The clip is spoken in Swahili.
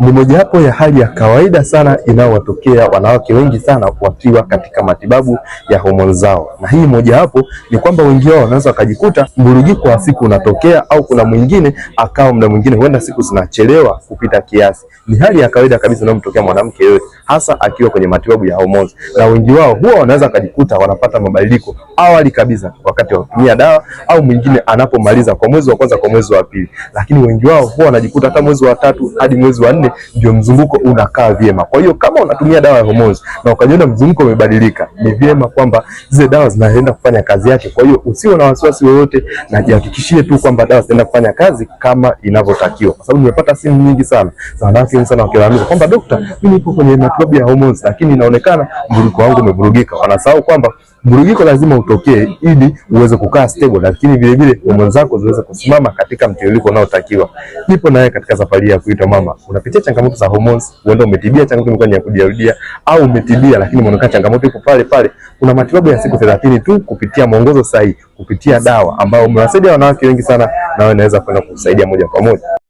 ni mojawapo ya hali ya kawaida sana inayowatokea wanawake wengi sana wakiwa katika matibabu ya homoni zao, na hii mojawapo ni kwamba wengi wao wanaweza wakajikuta mvurugiko wa siku unatokea, au kuna mwingine akawa muda mwingine huenda siku zinachelewa kupita kiasi. Ni hali ya kawaida kabisa inayomtokea mwanamke yoyote hasa akiwa kwenye matibabu ya homoni, na wengi wao huwa wanaweza kujikuta wanapata mabadiliko awali kabisa wakati wa kutumia dawa, au mwingine anapomaliza kwa mwezi wa kwanza, kwa mwezi wa pili, lakini wengi wao huwa wanajikuta hata mwezi wa tatu hadi mwezi wa nne ndio mzunguko unakaa vyema. Kwa hiyo kama unatumia dawa ya homoni na ukajiona mzunguko umebadilika, ni vyema kwamba zile dawa zinaenda kufanya kazi yake. Kwa hiyo usiwe na wasiwasi wowote, na jihakikishie tu kwamba dawa zinaenda kufanya kazi kama inavyotakiwa, kwa sababu nimepata simu nyingi sana za wanawake sana wakilalamika kwamba dokta, mimi nipo kwenye sababu hormones, lakini inaonekana mvurugiko wangu umevurugika. Wanasahau kwamba mvurugiko lazima utokee ili uweze kukaa stable, lakini vile vile hormones zako ziweze kusimama katika mtiririko unaotakiwa. Nipo naye katika safari ya kuitwa mama. Unapitia changamoto za hormones, uenda umetibia changamoto imekuwa ni ya kujirudia, au umetibia lakini unaonekana changamoto iko pale pale. Kuna matibabu ya siku 30 tu kupitia mwongozo sahihi, kupitia dawa ambayo umewasaidia wanawake wengi sana, na wewe unaweza kwenda kusaidia moja kwa moja.